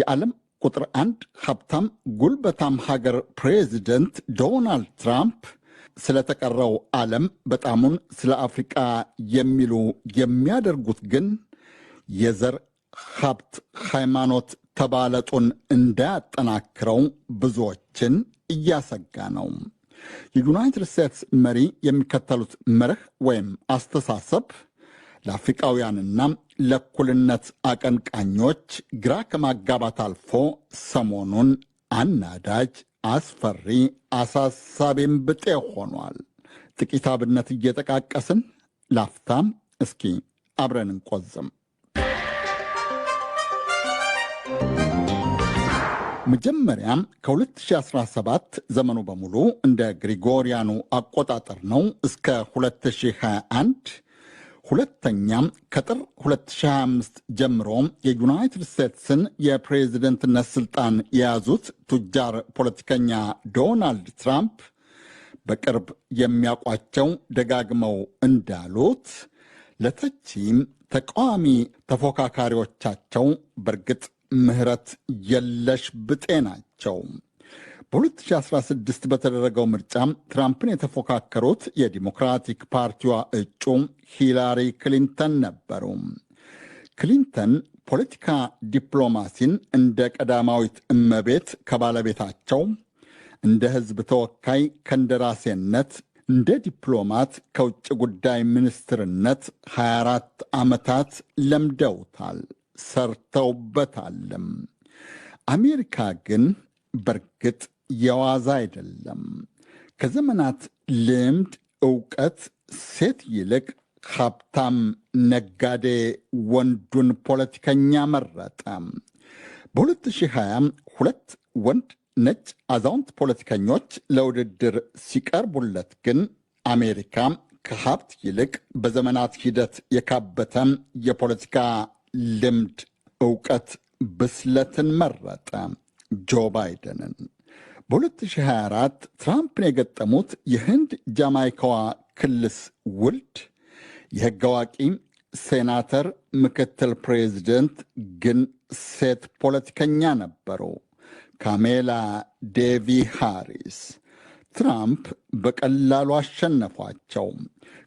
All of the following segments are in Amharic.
የዓለም ቁጥር አንድ ሀብታም ጉልበታም ሀገር ፕሬዚደንት ዶናልድ ትራምፕ ስለተቀረው ዓለም በጣሙን ስለ አፍሪቃ የሚሉ የሚያደርጉት ግን የዘር ሀብት፣ ሃይማኖት ተባለጡን እንዳያጠናክረው ብዙዎችን እያሰጋ ነው። የዩናይትድ ስቴትስ መሪ የሚከተሉት መርህ ወይም አስተሳሰብ ለአፍሪቃውያንና ለእኩልነት አቀንቃኞች ግራ ከማጋባት አልፎ ሰሞኑን አናዳጅ፣ አስፈሪ፣ አሳሳቢም ብጤ ሆኗል። ጥቂት አብነት እየጠቃቀስን ላፍታም እስኪ አብረን እንቆዝም። መጀመሪያም ከ2017 ዘመኑ በሙሉ እንደ ግሪጎሪያኑ አቆጣጠር ነው እስከ 2021 ሁለተኛም ከጥር 2025 ጀምሮ የዩናይትድ ስቴትስን የፕሬዝደንትነት ስልጣን የያዙት ቱጃር ፖለቲከኛ ዶናልድ ትራምፕ በቅርብ የሚያውቋቸው ደጋግመው እንዳሉት ለተቺም ተቃዋሚ ተፎካካሪዎቻቸው በእርግጥ ምህረት የለሽ ብጤ ናቸው። በ2016 በተደረገው ምርጫ ትራምፕን የተፎካከሩት የዲሞክራቲክ ፓርቲዋ እጩ ሂላሪ ክሊንተን ነበሩ። ክሊንተን ፖለቲካ ዲፕሎማሲን እንደ ቀዳማዊት እመቤት ከባለቤታቸው፣ እንደ ሕዝብ ተወካይ ከእንደራሴነት፣ እንደ ዲፕሎማት ከውጭ ጉዳይ ሚኒስትርነት 24 ዓመታት ለምደውታል፣ ሰርተውበታልም። አሜሪካ ግን በርግጥ የዋዛ አይደለም። ከዘመናት ልምድ፣ እውቀት ሴት ይልቅ ሀብታም ነጋዴ ወንዱን ፖለቲከኛ መረጠ። በ2020 ሁለት ወንድ ነጭ አዛውንት ፖለቲከኞች ለውድድር ሲቀርቡለት ግን አሜሪካ ከሀብት ይልቅ በዘመናት ሂደት የካበተ የፖለቲካ ልምድ፣ እውቀት፣ ብስለትን መረጠ ጆ ባይደንን። በ2024 ትራምፕን የገጠሙት የህንድ ጃማይካዋ ክልስ ውልድ የህግ አዋቂ፣ ሴናተር፣ ምክትል ፕሬዚደንት ግን ሴት ፖለቲከኛ ነበሩ፣ ካሜላ ዴቪ ሃሪስ። ትራምፕ በቀላሉ አሸነፏቸው።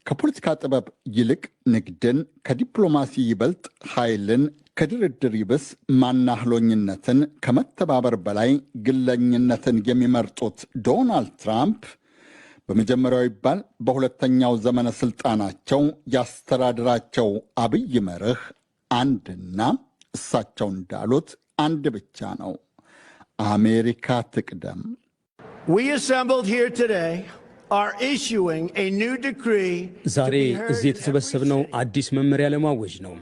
ከፖለቲካ ጥበብ ይልቅ ንግድን፣ ከዲፕሎማሲ ይበልጥ ኃይልን ከድርድር ይብስ ማናህሎኝነትን ከመተባበር በላይ ግለኝነትን የሚመርጡት ዶናልድ ትራምፕ በመጀመሪያው ይባል በሁለተኛው ዘመነ ስልጣናቸው ያስተዳድራቸው አብይ መርህ አንድና እሳቸው እንዳሉት አንድ ብቻ ነው፣ አሜሪካ ትቅደም። ዛሬ እዚህ የተሰበሰብነው አዲስ መመሪያ ለማወጅ ነው።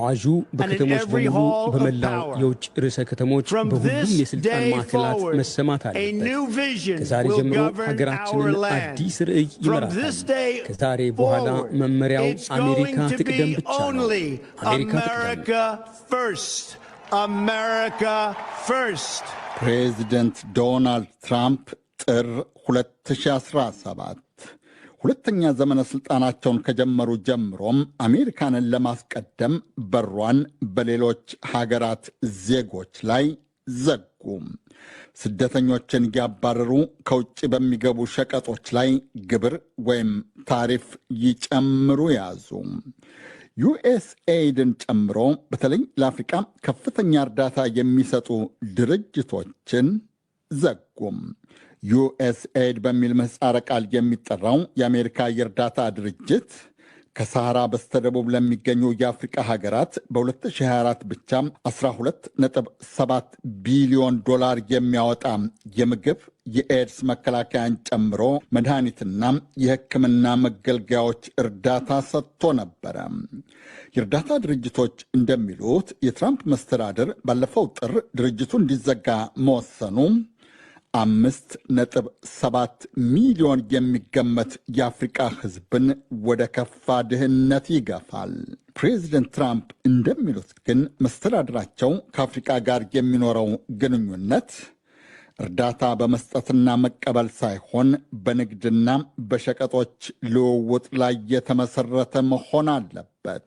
አዋጁ በከተሞች በሙሉ በመላው የውጭ ርዕሰ ከተሞች በሁሉም የሥልጣን ማዕከላት መሰማት አለበት። ከዛሬ ጀምሮ ሀገራችንን አዲስ ርዕይ ይመራል። ከዛሬ በኋላ መመሪያው አሜሪካ ትቅደም ብቻ ነው። አሜሪካ ትቅደም። ፕሬዚደንት ዶናልድ ትራምፕ ጥር 2017 ሁለተኛ ዘመነ ስልጣናቸውን ከጀመሩ ጀምሮም አሜሪካንን ለማስቀደም በሯን በሌሎች ሀገራት ዜጎች ላይ ዘጉ። ስደተኞችን ያባረሩ፣ ከውጭ በሚገቡ ሸቀጦች ላይ ግብር ወይም ታሪፍ ይጨምሩ ያዙ። ዩኤስኤይድን ጨምሮ በተለይ ለአፍሪቃ ከፍተኛ እርዳታ የሚሰጡ ድርጅቶችን ዘጉም። ዩኤስኤድ በሚል ምህፃረ ቃል የሚጠራው የአሜሪካ የእርዳታ ድርጅት ከሰሃራ በስተደቡብ ለሚገኙ የአፍሪቃ ሀገራት በ2024 ብቻ 12.7 ቢሊዮን ዶላር የሚያወጣ የምግብ የኤድስ መከላከያን ጨምሮ መድኃኒትና የሕክምና መገልገያዎች እርዳታ ሰጥቶ ነበረ። የእርዳታ ድርጅቶች እንደሚሉት የትራምፕ መስተዳድር ባለፈው ጥር ድርጅቱ እንዲዘጋ መወሰኑ አምስት ነጥብ ሰባት ሚሊዮን የሚገመት የአፍሪቃ ህዝብን ወደ ከፋ ድህነት ይገፋል። ፕሬዚደንት ትራምፕ እንደሚሉት ግን መስተዳድራቸው ከአፍሪቃ ጋር የሚኖረው ግንኙነት እርዳታ በመስጠትና መቀበል ሳይሆን በንግድና በሸቀጦች ልውውጥ ላይ የተመሰረተ መሆን አለበት።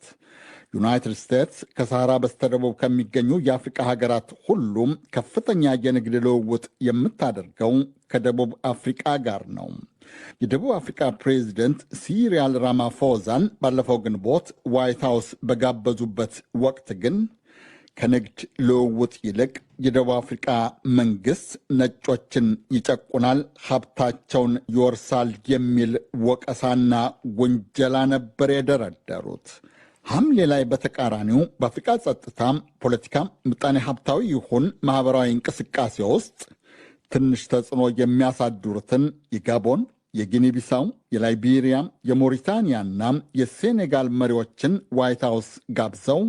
ዩናይትድ ስቴትስ ከሰሃራ በስተደቡብ ከሚገኙ የአፍሪቃ ሀገራት ሁሉም ከፍተኛ የንግድ ልውውጥ የምታደርገው ከደቡብ አፍሪቃ ጋር ነው። የደቡብ አፍሪካ ፕሬዚደንት ሲሪያል ራማፎዛን ባለፈው ግንቦት ዋይት ሃውስ በጋበዙበት ወቅት ግን ከንግድ ልውውጥ ይልቅ የደቡብ አፍሪቃ መንግስት ነጮችን ይጨቁናል፣ ሀብታቸውን ይወርሳል የሚል ወቀሳና ውንጀላ ነበር የደረደሩት። ሐምሌ ላይ በተቃራኒው በአፍሪካ ጸጥታም፣ ፖለቲካም፣ ምጣኔ ሀብታዊ ይሁን ማኅበራዊ እንቅስቃሴ ውስጥ ትንሽ ተጽዕኖ የሚያሳድሩትን የጋቦን፣ የጊኒቢሳው፣ ቢሳው፣ የሞሪታንያና የሴኔጋል መሪዎችን ዋይት ሃውስ ጋብዘው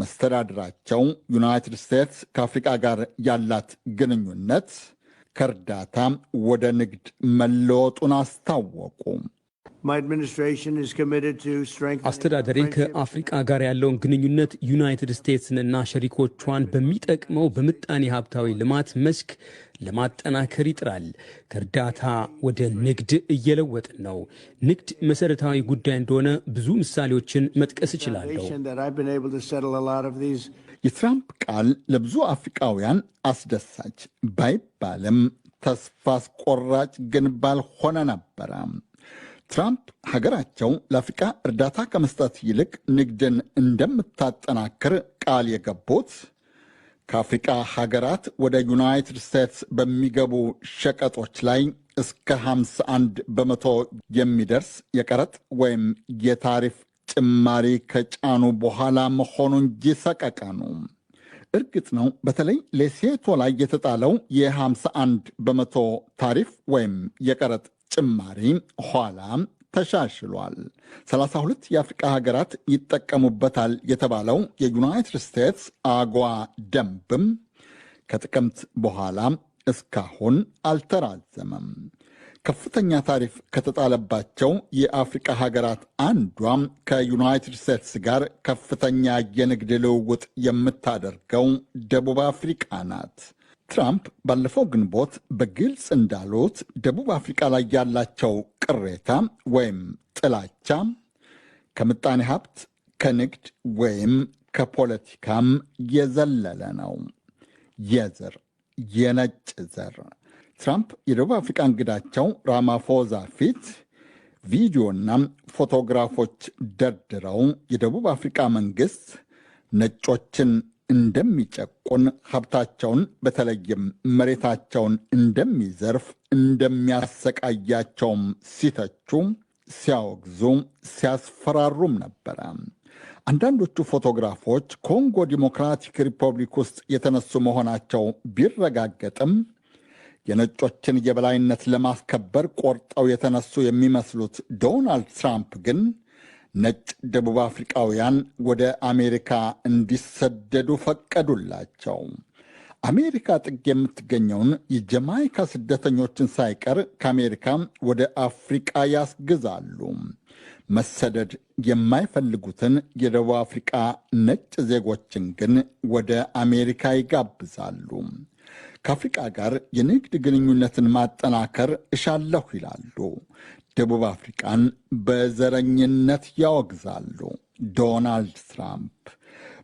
መስተዳድራቸው ዩናይትድ ስቴትስ ከአፍሪቃ ጋር ያላት ግንኙነት ከእርዳታ ወደ ንግድ መለወጡን አስታወቁ። አስተዳደሬ ከአፍሪቃ ጋር ያለውን ግንኙነት ዩናይትድ ስቴትስንና ሸሪኮቿን በሚጠቅመው በምጣኔ ሀብታዊ ልማት መስክ ለማጠናከር ይጥራል። ከእርዳታ ወደ ንግድ እየለወጥን ነው። ንግድ መሰረታዊ ጉዳይ እንደሆነ ብዙ ምሳሌዎችን መጥቀስ እችላለሁ። የትራምፕ ቃል ለብዙ አፍሪቃውያን አስደሳች ባይባልም ተስፋ አስቆራጭ ግን ባልሆነ ነበረ። ትራምፕ ሀገራቸው ለአፍሪቃ እርዳታ ከመስጠት ይልቅ ንግድን እንደምታጠናክር ቃል የገቡት ከአፍሪቃ ሀገራት ወደ ዩናይትድ ስቴትስ በሚገቡ ሸቀጦች ላይ እስከ 51 በመቶ የሚደርስ የቀረጥ ወይም የታሪፍ ጭማሪ ከጫኑ በኋላ መሆኑ እንጂ ነው። እርግጥ ነው በተለይ ሌሴቶ ላይ የተጣለው የ51 በመቶ ታሪፍ ወይም የቀረጥ ጭማሪ ኋላ ተሻሽሏል። 32 የአፍሪቃ ሀገራት ይጠቀሙበታል የተባለው የዩናይትድ ስቴትስ አጓ ደንብም ከጥቅምት በኋላ እስካሁን አልተራዘመም። ከፍተኛ ታሪፍ ከተጣለባቸው የአፍሪቃ ሀገራት አንዷ ከዩናይትድ ስቴትስ ጋር ከፍተኛ የንግድ ልውውጥ የምታደርገው ደቡብ አፍሪቃ ናት። ትራምፕ ባለፈው ግንቦት በግልጽ እንዳሉት ደቡብ አፍሪቃ ላይ ያላቸው ቅሬታ ወይም ጥላቻ ከምጣኔ ሀብት፣ ከንግድ ወይም ከፖለቲካም የዘለለ ነው። የዘር የነጭ ዘር ትራምፕ የደቡብ አፍሪቃ እንግዳቸው ራማፎዛ ፊት ቪዲዮና ፎቶግራፎች ደርድረው የደቡብ አፍሪቃ መንግስት ነጮችን እንደሚጨቁ እንደሚጨቁን፣ ሀብታቸውን በተለይም መሬታቸውን እንደሚዘርፍ፣ እንደሚያሰቃያቸውም ሲተቹ፣ ሲያወግዙ፣ ሲያስፈራሩም ነበረ። አንዳንዶቹ ፎቶግራፎች ኮንጎ ዲሞክራቲክ ሪፐብሊክ ውስጥ የተነሱ መሆናቸው ቢረጋገጥም የነጮችን የበላይነት ለማስከበር ቆርጠው የተነሱ የሚመስሉት ዶናልድ ትራምፕ ግን ነጭ ደቡብ አፍሪቃውያን ወደ አሜሪካ እንዲሰደዱ ፈቀዱላቸው። አሜሪካ ጥግ የምትገኘውን የጀማይካ ስደተኞችን ሳይቀር ከአሜሪካ ወደ አፍሪቃ ያስግዛሉ። መሰደድ የማይፈልጉትን የደቡብ አፍሪቃ ነጭ ዜጎችን ግን ወደ አሜሪካ ይጋብዛሉ። ከአፍሪቃ ጋር የንግድ ግንኙነትን ማጠናከር እሻለሁ ይላሉ። ደቡብ አፍሪቃን በዘረኝነት ያወግዛሉ። ዶናልድ ትራምፕ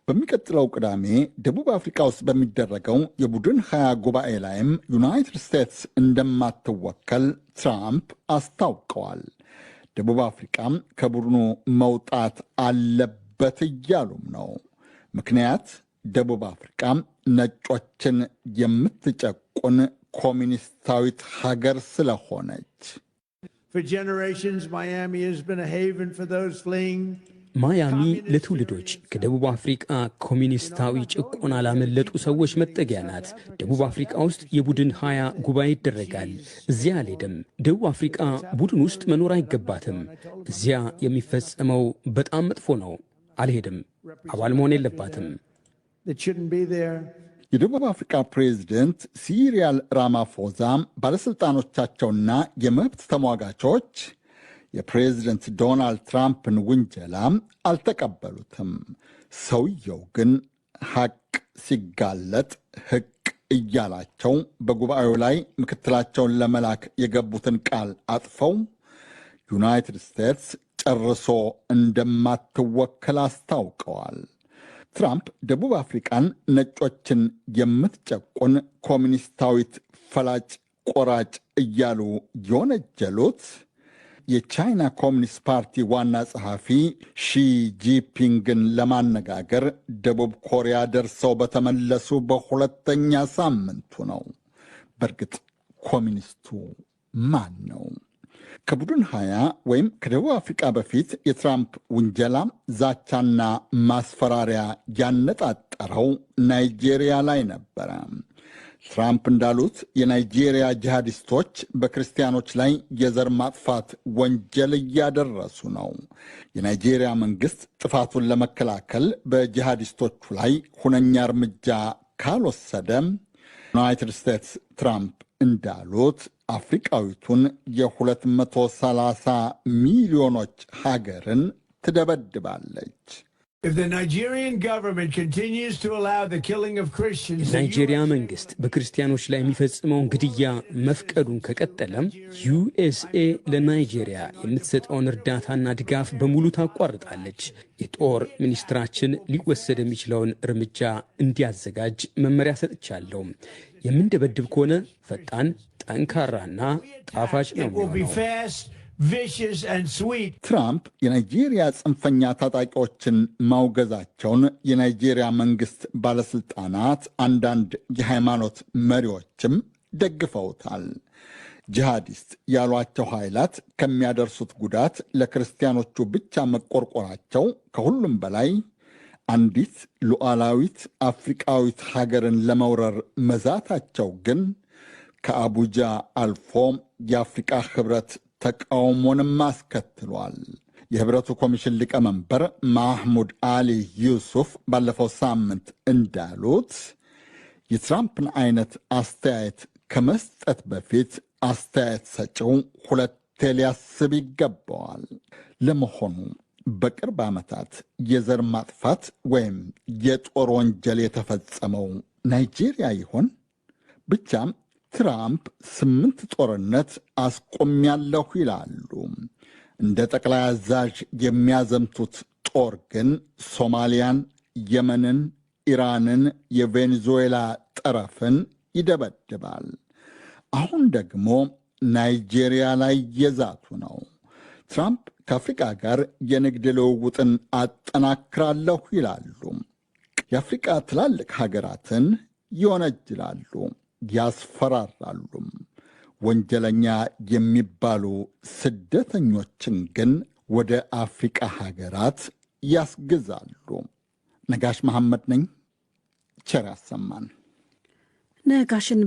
በሚቀጥለው ቅዳሜ ደቡብ አፍሪካ ውስጥ በሚደረገው የቡድን ሀያ ጉባኤ ላይም ዩናይትድ ስቴትስ እንደማትወከል ትራምፕ አስታውቀዋል። ደቡብ አፍሪቃም ከቡድኑ መውጣት አለበት እያሉም ነው። ምክንያት ደቡብ አፍሪካ ነጮችን የምትጨቁን ኮሚኒስታዊት ሀገር ስለሆነች ማያሚ ለትውልዶች ከደቡብ አፍሪቃ ኮሚኒስታዊ ጭቆና ላመለጡ ሰዎች መጠጊያ ናት። ደቡብ አፍሪቃ ውስጥ የቡድን ሀያ ጉባኤ ይደረጋል። እዚያ አልሄድም። ደቡብ አፍሪቃ ቡድን ውስጥ መኖር አይገባትም። እዚያ የሚፈጸመው በጣም መጥፎ ነው። አልሄድም። አባል መሆን የለባትም። የደቡብ አፍሪካ ፕሬዝደንት ሲሪያል ራማፎዛ ባለሥልጣኖቻቸውና የመብት ተሟጋቾች የፕሬዝደንት ዶናልድ ትራምፕን ውንጀላ አልተቀበሉትም። ሰውየው ግን ሐቅ ሲጋለጥ ሕቅ እያላቸው በጉባኤው ላይ ምክትላቸውን ለመላክ የገቡትን ቃል አጥፈው ዩናይትድ ስቴትስ ጨርሶ እንደማትወከል አስታውቀዋል። ትራምፕ ደቡብ አፍሪቃን ነጮችን የምትጨቁን ኮሚኒስታዊት ፈላጭ ቆራጭ እያሉ የወነጀሉት የቻይና ኮሚኒስት ፓርቲ ዋና ጸሐፊ ሺጂፒንግን ለማነጋገር ደቡብ ኮሪያ ደርሰው በተመለሱ በሁለተኛ ሳምንቱ ነው። በእርግጥ ኮሚኒስቱ ማን ነው? ከቡድን ሀያ ወይም ከደቡብ አፍሪቃ በፊት የትራምፕ ውንጀላ ዛቻና ማስፈራሪያ ያነጣጠረው ናይጄሪያ ላይ ነበረ። ትራምፕ እንዳሉት የናይጄሪያ ጂሃዲስቶች በክርስቲያኖች ላይ የዘር ማጥፋት ወንጀል እያደረሱ ነው። የናይጄሪያ መንግስት ጥፋቱን ለመከላከል በጂሃዲስቶቹ ላይ ሁነኛ እርምጃ ካልወሰደ ዩናይትድ ስቴትስ ትራምፕ እንዳሉት አፍሪቃዊቱን የ230 ሚሊዮኖች ሀገርን ትደበድባለች። የናይጄሪያ መንግስት በክርስቲያኖች ላይ የሚፈጽመውን ግድያ መፍቀዱን ከቀጠለም ዩኤስኤ ለናይጄሪያ የምትሰጠውን እርዳታና ድጋፍ በሙሉ ታቋርጣለች። የጦር ሚኒስትራችን ሊወሰድ የሚችለውን እርምጃ እንዲያዘጋጅ መመሪያ ሰጥቻለሁ። የምንደበድብ ከሆነ ፈጣን፣ ጠንካራና ጣፋጭ ነው። ትራምፕ የናይጄሪያ ጽንፈኛ ታጣቂዎችን ማውገዛቸውን የናይጄሪያ መንግስት ባለስልጣናት አንዳንድ የሃይማኖት መሪዎችም ደግፈውታል። ጂሃዲስት ያሏቸው ኃይላት ከሚያደርሱት ጉዳት ለክርስቲያኖቹ ብቻ መቆርቆራቸው ከሁሉም በላይ አንዲት ሉዓላዊት አፍሪቃዊት ሀገርን ለመውረር መዛታቸው ግን ከአቡጃ አልፎ የአፍሪቃ ህብረት ተቃውሞንም አስከትሏል። የህብረቱ ኮሚሽን ሊቀመንበር ማህሙድ አሊ ዩሱፍ ባለፈው ሳምንት እንዳሉት የትራምፕን አይነት አስተያየት ከመስጠት በፊት አስተያየት ሰጪው ሁለቴ ሊያስብ ይገባዋል። ለመሆኑ በቅርብ ዓመታት የዘር ማጥፋት ወይም የጦር ወንጀል የተፈጸመው ናይጄሪያ ይሆን? ብቻ ትራምፕ ስምንት ጦርነት አስቆሚያለሁ ይላሉ። እንደ ጠቅላይ አዛዥ የሚያዘምቱት ጦር ግን ሶማሊያን፣ የመንን፣ ኢራንን፣ የቬኔዙዌላ ጠረፍን ይደበድባል። አሁን ደግሞ ናይጄሪያ ላይ የዛቱ ነው። ትራምፕ ከአፍሪቃ ጋር የንግድ ልውውጥን አጠናክራለሁ ይላሉ። የአፍሪቃ ትላልቅ ሀገራትን ይወነጅላሉ። ያስፈራራሉም። ወንጀለኛ የሚባሉ ስደተኞችን ግን ወደ አፍሪቃ ሀገራት ያስግዛሉ። ነጋሽ መሐመድ ነኝ። ቸር ያሰማን። ነጋሽን